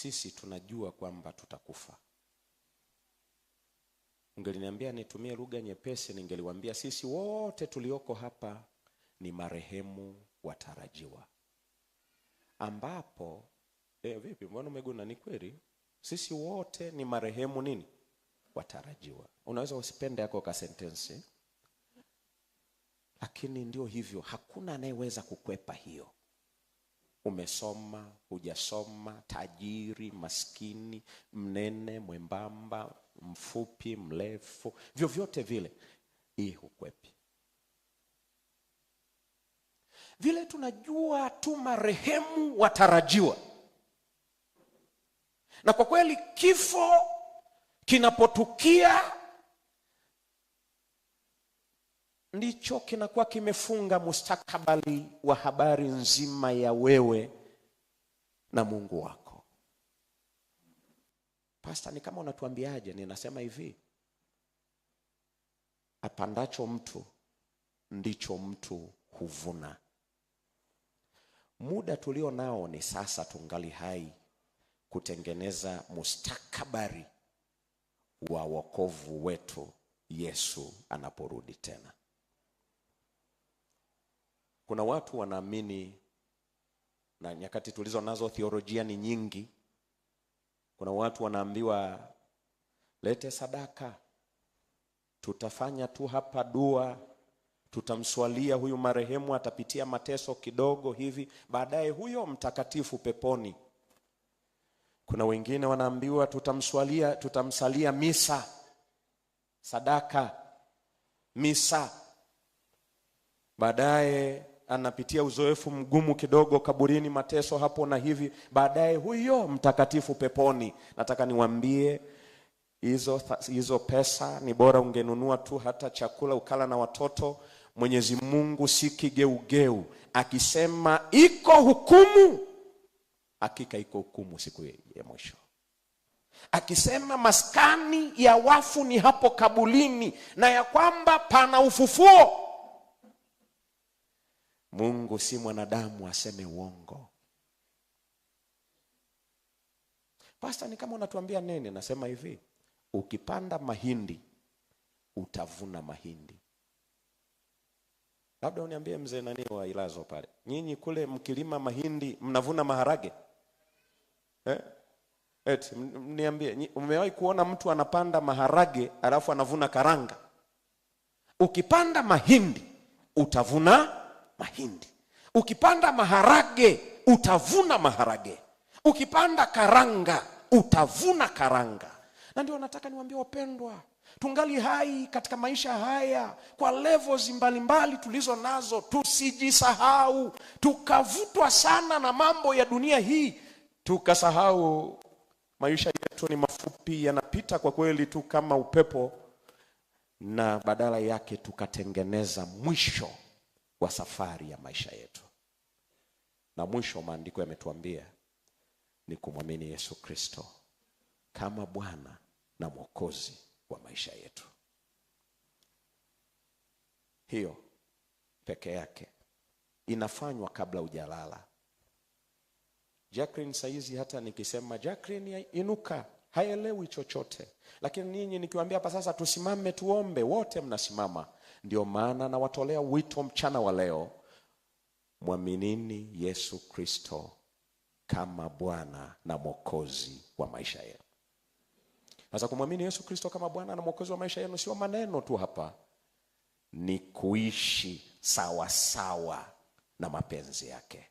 sisi tunajua kwamba tutakufa. Ungeliniambia nitumie lugha nyepesi, ningeliwaambia sisi wote tulioko hapa ni marehemu watarajiwa, ambapo eh, vipi? Mbona umeguna? Ni kweli sisi wote ni marehemu nini watarajiwa. Unaweza usipende yako ka sentensi, lakini ndio hivyo, hakuna anayeweza kukwepa hiyo. Umesoma, hujasoma, tajiri, maskini, mnene, mwembamba, mfupi, mrefu, vyovyote vile, hii hukwepi. Vile tunajua tu marehemu watarajiwa, na kwa kweli kifo kinapotukia ndicho kinakuwa kimefunga mustakabali wa habari nzima ya wewe na Mungu wako. Pasta, ni kama unatuambiaje? Ninasema hivi, apandacho mtu ndicho mtu huvuna. Muda tulio nao ni sasa, tungali hai kutengeneza mustakabali wa wokovu wetu Yesu anaporudi tena. Kuna watu wanaamini na nyakati tulizo nazo theolojia ni nyingi. Kuna watu wanaambiwa lete sadaka, tutafanya tu hapa dua, tutamswalia huyu marehemu, atapitia mateso kidogo hivi, baadaye huyo mtakatifu peponi. Kuna wengine wanaambiwa tutamswalia, tutamsalia misa, sadaka, misa, baadaye anapitia uzoefu mgumu kidogo kaburini, mateso hapo na hivi, baadaye huyo mtakatifu peponi. Nataka niwambie hizo hizo pesa ni bora ungenunua tu hata chakula ukala na watoto. Mwenyezi Mungu si kigeugeu, akisema iko hukumu, hakika iko hukumu siku ya mwisho. Akisema maskani ya wafu ni hapo kabulini, na ya kwamba pana ufufuo Mungu si mwanadamu aseme uongo. Pasta, ni kama unatuambia nini? Nasema hivi, ukipanda mahindi utavuna mahindi. Labda uniambie mzee nani wa Ilazo pale, nyinyi kule mkilima mahindi mnavuna maharage eh? Eti, niambie, umewahi kuona mtu anapanda maharage alafu anavuna karanga? Ukipanda mahindi utavuna mahindi. Ukipanda maharage utavuna maharage. Ukipanda karanga utavuna karanga. Na ndio nataka niwaambie wapendwa, tungali hai katika maisha haya kwa levels mbalimbali tulizo nazo, tusijisahau tukavutwa sana na mambo ya dunia hii tukasahau maisha yetu ni mafupi, yanapita kwa kweli tu kama upepo, na badala yake tukatengeneza mwisho wa safari ya maisha yetu. Na mwisho, maandiko yametuambia ni kumwamini Yesu Kristo kama Bwana na Mwokozi wa maisha yetu. Hiyo peke yake inafanywa kabla hujalala. Jacqueline saizi hata nikisema Jacqueline inuka, haelewi chochote, lakini ninyi nikiwaambia hapa sasa tusimame tuombe, wote mnasimama ndio maana nawatolea wito mchana wa leo, mwaminini Yesu Kristo kama Bwana na Mwokozi wa maisha yenu. Sasa kumwamini Yesu Kristo kama Bwana na Mwokozi wa maisha yenu sio maneno tu hapa, ni kuishi sawasawa sawa na mapenzi yake.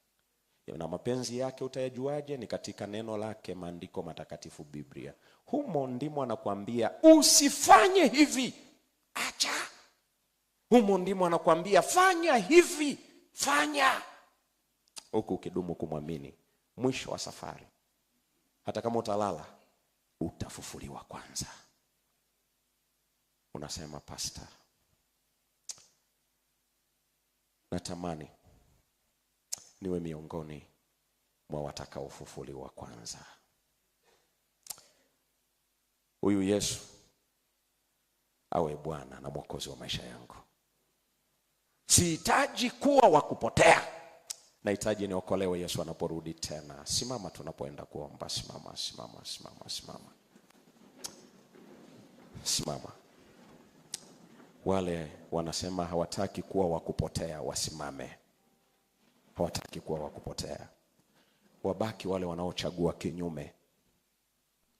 Na mapenzi yake utayajuaje? Ni katika neno lake, maandiko matakatifu, Biblia. Humo ndimo anakuambia usifanye hivi humo ndimo anakuambia fanya hivi fanya huku ukidumu kumwamini mwisho wa safari hata kama utalala utafufuliwa kwanza unasema pasta natamani niwe miongoni mwa watakaofufuliwa kwanza huyu yesu awe bwana na mwokozi wa maisha yangu Sihitaji kuwa wa kupotea, nahitaji niokolewe Yesu anaporudi tena. Simama tunapoenda kuomba. Simama, simama, simama, simama, simama. Wale wanasema hawataki kuwa wa kupotea wasimame, hawataki kuwa wa kupotea. Wabaki wale wanaochagua kinyume,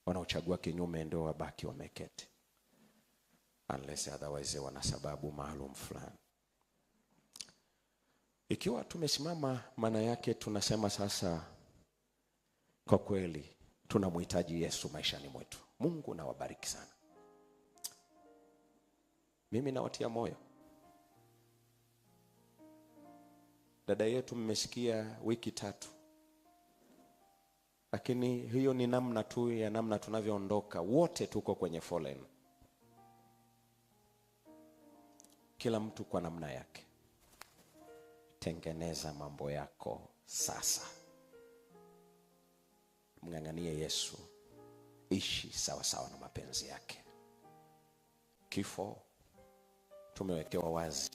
wanaochagua kinyume ndio wabaki wameketi, unless otherwise wana sababu maalum fulani. Ikiwa tumesimama, maana yake tunasema sasa, kwa kweli tunamhitaji Yesu maishani mwetu. Mungu nawabariki sana. Mimi nawatia moyo. Dada yetu mmesikia wiki tatu, lakini hiyo ni namna tu ya namna tunavyoondoka. Wote tuko kwenye foleni, kila mtu kwa namna yake tengeneza mambo yako sasa. Mng'ang'anie Yesu, ishi sawasawa sawa na mapenzi yake. Kifo tumewekewa wazi,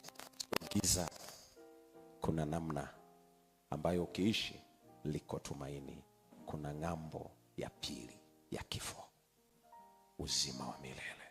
giza. Kuna namna ambayo ukiishi liko tumaini, kuna ng'ambo ya pili ya kifo, uzima wa milele.